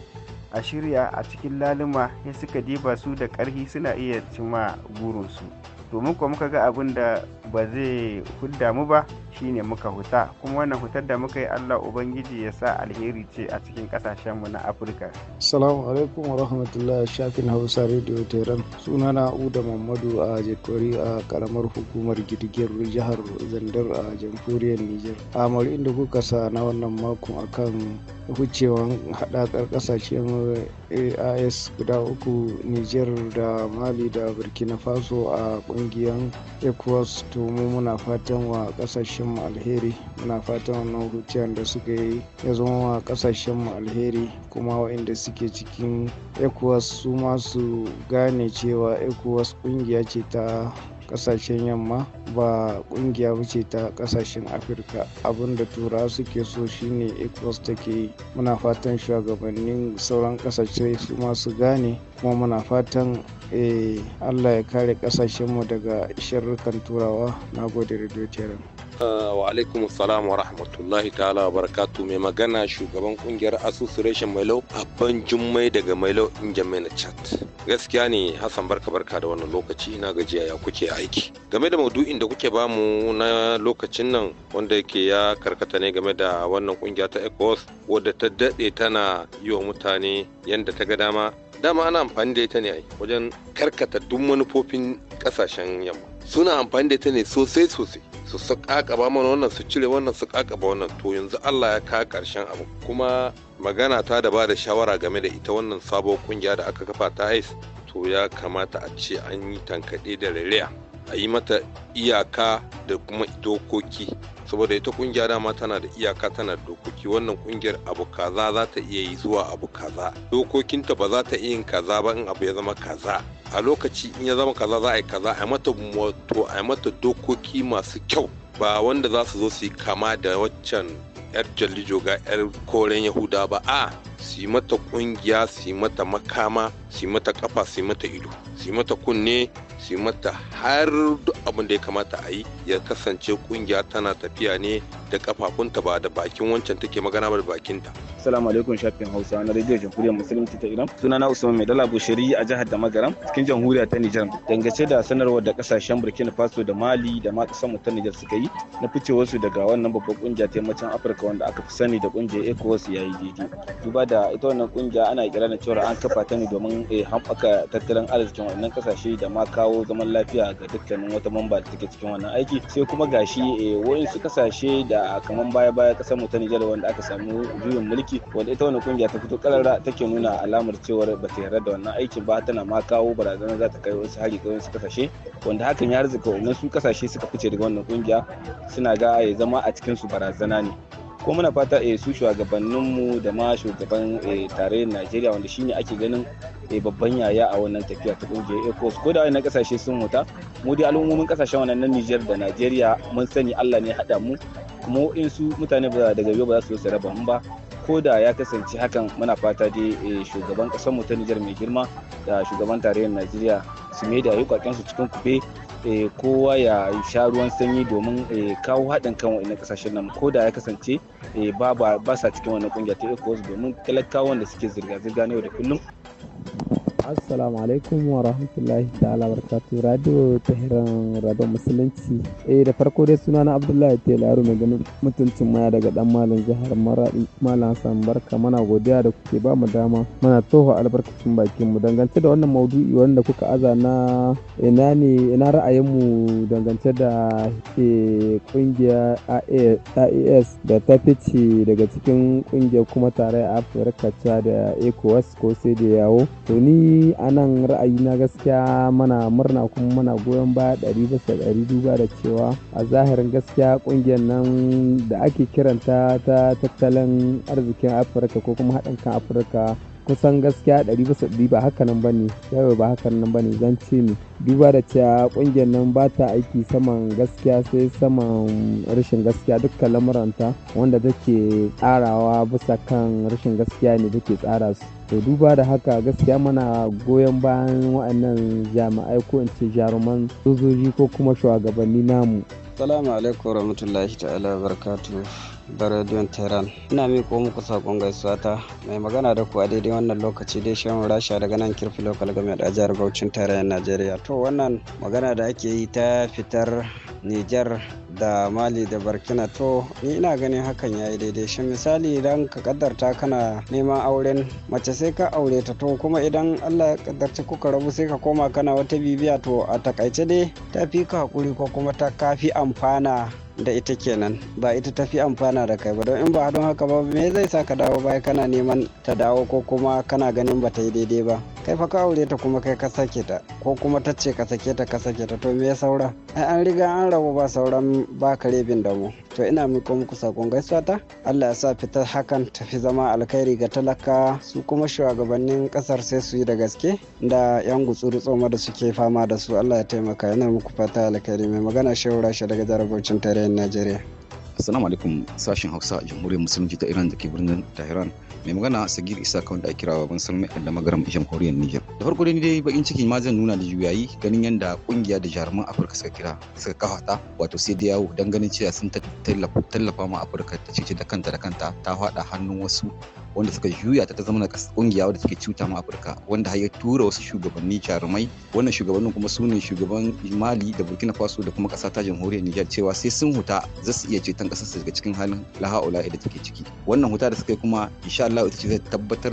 a shirya a cikin laluma ya suka diba su da ƙarfi suna iya cima burinsu domin kuwa muka ga abin da ba zai hudda mu ba shi ne muka huta kuma wannan hutar da muka yi Allah ubangiji ya sa alheri ce a cikin kasashenmu na Afirka Salamu alaikum wa rahmatullahi shafin Hausa Radio Tehran na Uda Mamadu a Jekori a karamar hukumar girgiyar jihar Zandar a jamhuriyar Nijar a inda kuka sa na wannan makon akan hucewan haɗakar ƙasashen AIS guda uku Nijar da Mali da Burkina Faso a ƙungiyar ECOWAS to mu muna fatan wa ƙasashen kasashen mu alheri muna fatan wannan huciyar da suka yi ya zama wa kasashen mu alheri kuma waɗanda suke cikin ecowas su ma gane cewa ecowas kungiya ce ta kasashen yamma ba kungiya wuce ta kasashen afirka abinda tura suke so shine ecowas take yi muna fatan shugabannin sauran kasashe su masu gane kuma muna fatan eh, allah ya kare kasashenmu daga shirrukan turawa na gode da Uh, wa alaikum salam wa rahmatullahi ta'ala wa barakatu mai magana shugaban kungiyar asusu reshen mailo jummai daga mailo injamai chat gaskiya ne hassan barka barka da wannan lokaci na gajiya ya kuke aiki game da maudu'in da kuke bamu na lokacin nan wanda yake ya karkata ne game da wannan kungiya ta ecos wadda ta dade tana yi wa mutane yadda ta ga dama dama ana amfani da ita ne wajen karkata duk manufofin kasashen yamma suna amfani da ita ne sosai sosai su kakaba mana wannan su cire wannan su kakaba wannan to yanzu Allah ya kawo karshen abu kuma magana ta da ba da shawara game da ita wannan sabuwar kungiya da aka kafa ta ICE to ya kamata a ce an yi tankaɗe da rariya a yi mata iyaka da kuma dokoki saboda ita kungiya dama tana da iyaka tana da dokoki wannan kungiyar abu kaza za ta iya yi zuwa abu kaza dokokinta ba za ta iya yin kaza ba in abu ya zama kaza a lokaci in ya zama kaza za a yi kaza a mata moto a mata dokoki masu kyau ba wanda za su zo su yi kama da waccan yar jallijo ga yar koren yahuda ba a su yi mata kungiya su yi mata makama su yi mata kafa su yi mata ido su yi mata kunne su mata har duk abin da ya kamata a yi ya kasance kungiya tana tafiya ne da kafafunta ba da bakin wancan take magana ba da bakinta. Assalamu alaikum shafin Hausa na Radio Jamhuriyar Musulunci ta Iran. Sunana Usman Mai Dala Bushiri a jihar Damagaram cikin Jamhuriyar ta Nijar. Dangace da sanarwar da kasashen Burkina Faso da Mali da ma kasar mu ta Nijar suka yi na fice wasu daga wannan babbar kungiya ta yammacin Afirka wanda aka fi sani da kungiyar ECOWAS yayi daidai. Duba da ita wannan kungiya ana kira na cewa an kafa ta ne domin eh, haɓaka tattalin arzikin wannan kasashe da ma kawo kawo zaman lafiya ga dukkanin wata mamba da take cikin wannan aiki sai kuma gashi eh, su kasashe da kamar baya baya kasar mu ta Nijar wanda aka samu juyin mulki wanda ita wannan kungiya ta fito karara take nuna alamar cewar ba ta yarda da wannan aikin ba tana ma kawo barazana za ta kai wasu hari ga wasu kasashe wanda hakan ya arzika wannan su kasashe suka fice daga wannan kungiya suna ga ya zama a cikin su barazana ne ko muna fata e su shugabanninmu da ma shugaban eh, tarayyar najeriya wanda shine ake ganin e babban yaya a wannan tafiya ta kungiyar ecos ko da wani kasashe sun wuta, mu dai al'ummomin kasashen wannan na niger da najeriya mun sani allah ne haɗa mu kuma in su mutane ba daga yau ba za su su raba mu ba ko da ya kasance hakan muna fata dai eh, shugaban kasar mu ta niger mai girma da shugaban tarayyar najeriya su mai da yi su cikin kube Eh, kowa ya sha ruwan sanyi domin eh, kawo haɗin kan wani kasashen nan ko da ya kasance eh, ba sa cikin wani kungiya ta ecowas domin talakawan da suke zirga-zirga na yau da kullum assalamu alaikum wa rahmatullahi ta'ala barkatu radio ta hiran radon musulunci eh da farko dai suna na abdullahi tela yaro mai ganin mutuncin maya daga dan malam jihar maradi malam hassan barka mana godiya da kuke ba mu dama mana toho albarkacin bakin mu dangance da wannan maudu'i wanda kuka aza na ina ne ina ra'ayin mu dangance da ke kungiya AES da ta fice daga cikin kungiyar kuma tare a Afirka ta da ECOWAS ko sai da yawo to ni a nan ra'ayi na gaskiya mana murna kuma muna goyon ba ɗari bisa ɗari duba da cewa a zahirin gaskiya ƙungiyar nan da ake kiranta ta tattalin arzikin afirka ko kuma haɗin kan afirka kusan gaskiya ɗari bisa ɗari ba haka nan bane yawai ba haka nan bane zan ce ne duba da cewa ƙungiyar nan ba ta aiki saman gaskiya sai saman rashin gaskiya dukkan lamuranta wanda take tsarawa bisa kan rashin gaskiya ne take tsara su to duba da haka gaskiya mana goyon bayan wa'annan jami'ai ko in ce jaruman sojoji ko kuma shugabanni namu Salamu alaikum rahmatullahi ta'ala barakatuh da rediyon tehran ina miko muku sakon gaisuwa ta mai magana da ku a daidai wannan lokaci dai shan rasha daga nan kirfi lokal game da jihar bauchin tarayyar najeriya to wannan magana da ake yi ta fitar niger da mali da burkina to ni ina ganin hakan ya yi daidai shi misali idan ka kaddarta kana neman auren mace sai ka aure ta to kuma idan allah ya kaddarci kuka rabu sai ka koma kana wata bibiya to a takaice dai ta fi ka hakuri ko kuma ta kafi amfana da ita kenan ba ita ta fi amfana da kai ba don in ba don haka ba me zai sa ka dawo baya kana neman ta dawo ko kuma kana ganin ba ta yi daidai ba kai fa ka aure ta kuma kai ka sake ta ko kuma ta ce ka sake ta ka sake ta to me ya saura ai an riga an rabu ba sauran ba ka rebin da mu to ina miko muku sakon gaisuwa ta Allah ya sa fita hakan tafi zama alkhairi ga talaka su kuma shugabannin kasar sai su yi da gaske da yan gutsuru tsoma da suke fama da su Allah ya taimaka yana muku fata alkhairi mai magana shehu rasha daga jarabocin tarayyar Najeriya Assalamu alaikum sashen Hausa Jamhuriyar Musulunci ta Iran da ke birnin Tehran. Mai magana Sagir Isa kawai da ake kira Baban Salmai da magaram Jamhuriyar Niger. Da farko dai dai bakin ciki ma zan nuna da juyayi ganin yadda kungiya da jaruman Afirka suka kira suka kawata wato sai da yawo dan ganin cewa sun tallafa ma Afirka ta cece da kanta da kanta ta faɗa hannun wasu wanda suka juya ta ta zama kungiya wadda suke cuta ma afirka wanda har ya tura wasu shugabanni jarumai wannan shugabannin kuma su ne shugaban mali da burkina faso da kuma kasa ta jamhuriyar nijar cewa sai sun huta za su iya ceton kasar su daga cikin halin laha'ula da take ciki wannan huta da suka yi kuma insha Allah ita ce zai tabbatar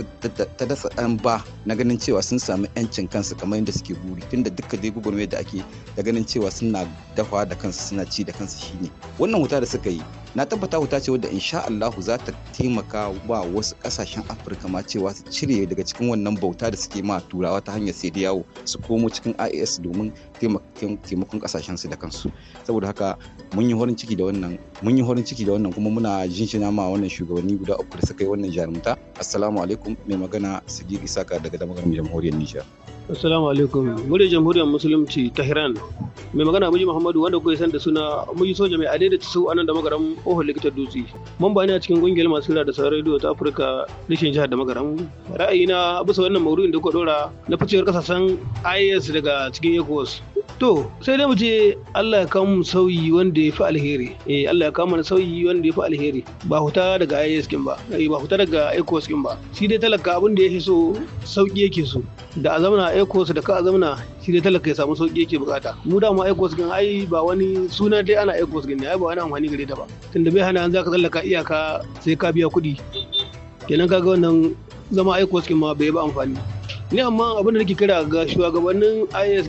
ta dasa dan ba na ganin cewa sun samu yancin kansu kamar yadda suke buri tunda duka dai gugurmai da ake da ganin cewa suna dafa da kansu suna ci da kansu shine wannan huta da suka yi na tabbata wuta ce wadda insha Allah za ta taimaka ba wasu kasashen Afirka ma cewa su cire daga cikin wannan bauta da suke ma turawa ta hanyar sai da yawo su komo cikin IAS domin taimakon kasashen su da kansu saboda haka mun yi horin ciki da wannan kuma muna jinjina ma wannan shugabanni guda uku da suka yi wannan jarumta assalamu alaikum mai magana Sadiq Isaka daga damar jamhuriyar Nijar Assalamu alaikum. Muryar Jamhuriyar Musulunci Tehran. Mai magana Muji Muhammadu wanda kuka san da suna Muji Soja mai adai da su anan da magaram Ohol Likitar Dutse. ba ne a cikin kungiyar masu kira da sauran radio ta Afirka rishin jihar da magaram. Ra'ayina bisa wannan maudu'in da kuka dora na ficewar kasashen IS daga cikin ECOWAS. To, sai dai mu ce Allah ya kawo mu sauyi wanda ya fi alheri. Eh, Allah ya kawo mana sauyi wanda ya fi alheri. Ba huta daga IAS skin ba, eh, ba huta daga ECOWAS skin ba. Shi dai talaka abin da yake so sauki yake so. Da a zamana su da ka a zamana shi dai talaka ya samu sauki yake bukata. Mu da ma ECOWAS skin ai ba wani suna dai ana ECOWAS skin ne, ai ba wani amfani gare ta ba. Tunda bai hana an zaka tsallaka iyaka sai ka biya kuɗi. Kenan kaga wannan zama ECOWAS skin ma bai ba amfani. Ni amma abin da nake kira ga shugabannin IAS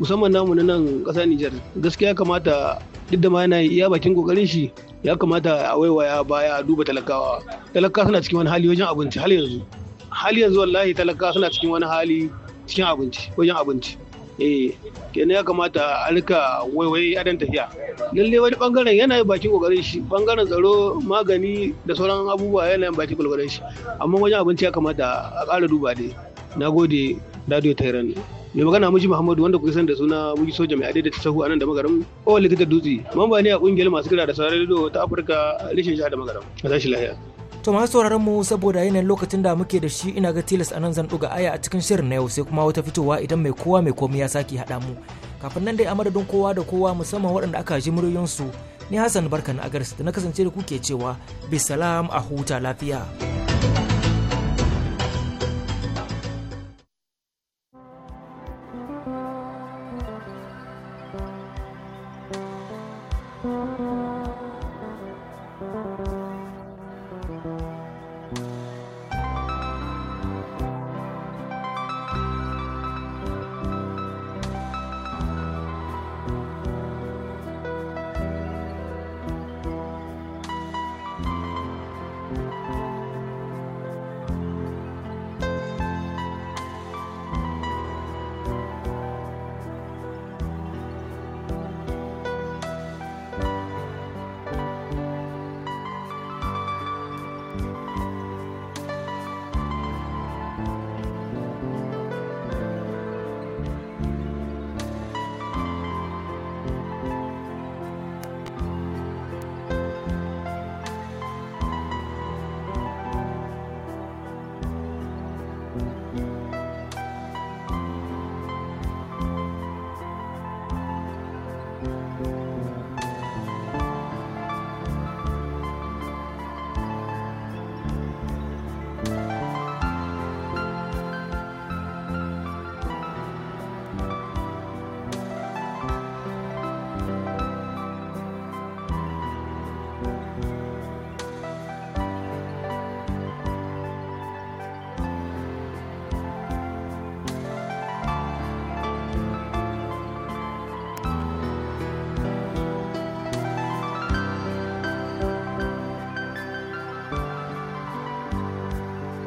musamman namu na nan ƙasa Nijar gaskiya kamata duk da ma yana iya bakin kokarin shi ya kamata a waiwaya baya a duba talakawa talakawa suna cikin wani hali wajen abinci hal yanzu hal yanzu wallahi talakawa suna cikin wani hali cikin abinci wajen abinci eh kenan ya kamata a rika waiwaye adan tafiya lalle wani bangaren yana yi bakin kokarin shi bangaren tsaro magani da sauran abubuwa yana yin bakin kokarin shi amma wajen abinci ya kamata a ƙara duba dai nagode radio tehran mai magana miji muhammadu wanda kuke san da suna muji soja mai adaidaita sahu a nan da magaram kowa likita dutse mamba ne a kungiyar masu kira da sauran rediyo ta afirka rishin sha da magaram a tashi lahiya to masu sauraron mu saboda yanayin lokacin da muke da shi ina ga tilas a nan zan duga aya a cikin shirin na yau sai kuma wata fitowa idan mai kowa mai komai ya sake hada mu kafin nan dai a madadin kowa da kowa musamman waɗanda aka ji muryoyinsu ni hassan barkan agarsu da na kasance da kuke cewa bisalam a huta lafiya.